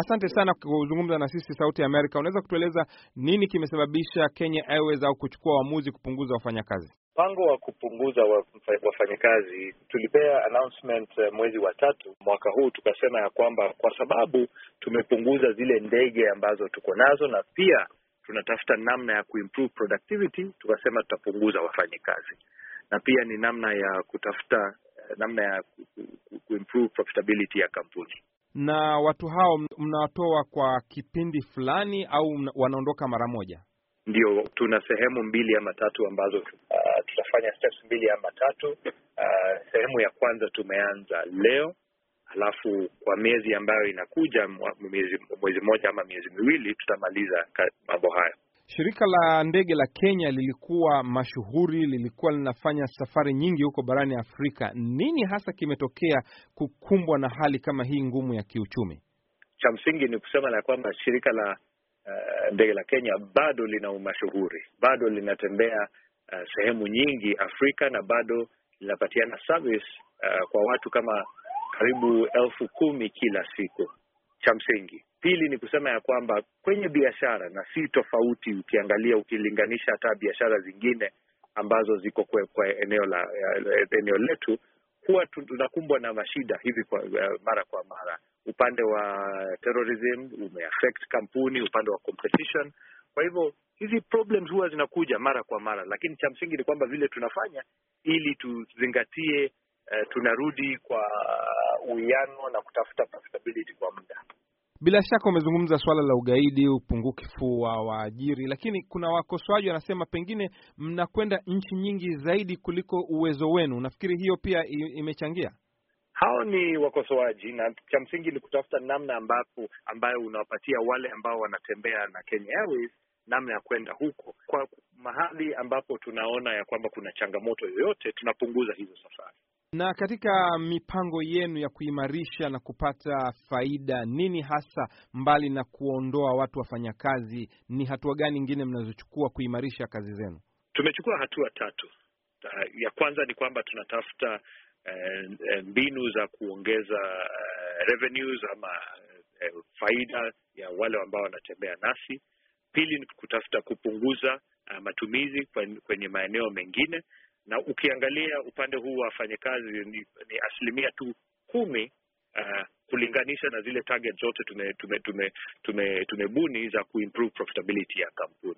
asante sana kuzungumza na sisi Sauti ya Amerika. Unaweza kutueleza nini kimesababisha Kenya Airways au kuchukua uamuzi kupunguza wafanyakazi? Mpango wa kupunguza wafanyakazi tulipea announcement eh, mwezi wa tatu mwaka huu, tukasema ya kwamba kwa sababu tumepunguza zile ndege ambazo tuko nazo na pia tunatafuta namna ya kuimprove productivity, tukasema tutapunguza wafanyakazi na pia ni namna ya kutafuta eh, namna ya kuimprove profitability ya kampuni na watu hao mnawatoa kwa kipindi fulani au wanaondoka mara moja? Ndio, tuna sehemu mbili ama tatu ambazo uh, tutafanya steps mbili ama tatu. Uh, sehemu ya kwanza tumeanza leo, alafu kwa miezi ambayo inakuja, mwezi mmoja ama miezi miwili, tutamaliza mambo hayo Shirika la ndege la Kenya lilikuwa mashuhuri, lilikuwa linafanya safari nyingi huko barani Afrika. Nini hasa kimetokea kukumbwa na hali kama hii ngumu ya kiuchumi? Cha msingi ni kusema la kwamba shirika la uh, ndege la Kenya bado lina umashuhuri, bado linatembea uh, sehemu nyingi Afrika na bado linapatiana service uh, kwa watu kama karibu elfu kumi kila siku cha msingi. Pili ni kusema ya kwamba kwenye biashara, na si tofauti ukiangalia, ukilinganisha hata biashara zingine ambazo ziko kwa, kwa eneo la eneo letu, huwa tunakumbwa na mashida hivi kwa, mara kwa mara. Upande wa terrorism umeaffect kampuni, upande wa competition. Kwa hivyo hizi problems huwa zinakuja mara kwa mara, lakini cha msingi ni kwamba vile tunafanya ili tuzingatie, uh, tunarudi kwa uh, uwiano na kutafuta profitability kwa muda bila shaka umezungumza swala la ugaidi, upungukifu wa waajiri, lakini kuna wakosoaji wanasema pengine mnakwenda nchi nyingi zaidi kuliko uwezo wenu. Nafikiri hiyo pia imechangia. Hao ni wakosoaji, na cha msingi ni kutafuta namna ambapo ambayo unawapatia wale ambao wanatembea na Kenya Airways namna ya kwenda huko. Kwa mahali ambapo tunaona ya kwamba kuna changamoto yoyote, tunapunguza hizo safari. Na katika mipango yenu ya kuimarisha na kupata faida, nini hasa, mbali na kuondoa watu wafanyakazi, ni hatua gani nyingine mnazochukua kuimarisha kazi zenu? Tumechukua hatua tatu. Ya kwanza ni kwamba tunatafuta eh, eh, mbinu za kuongeza eh, revenues ama faida ya wale ambao wanatembea nasi. Pili ni kutafuta kupunguza matumizi kwenye maeneo mengine, na ukiangalia upande huu wa wafanyakazi ni, ni asilimia tu kumi uh, kulinganisha na zile target zote tumebuni tume, tume, tume, tume za kuimprove profitability ya kampuni.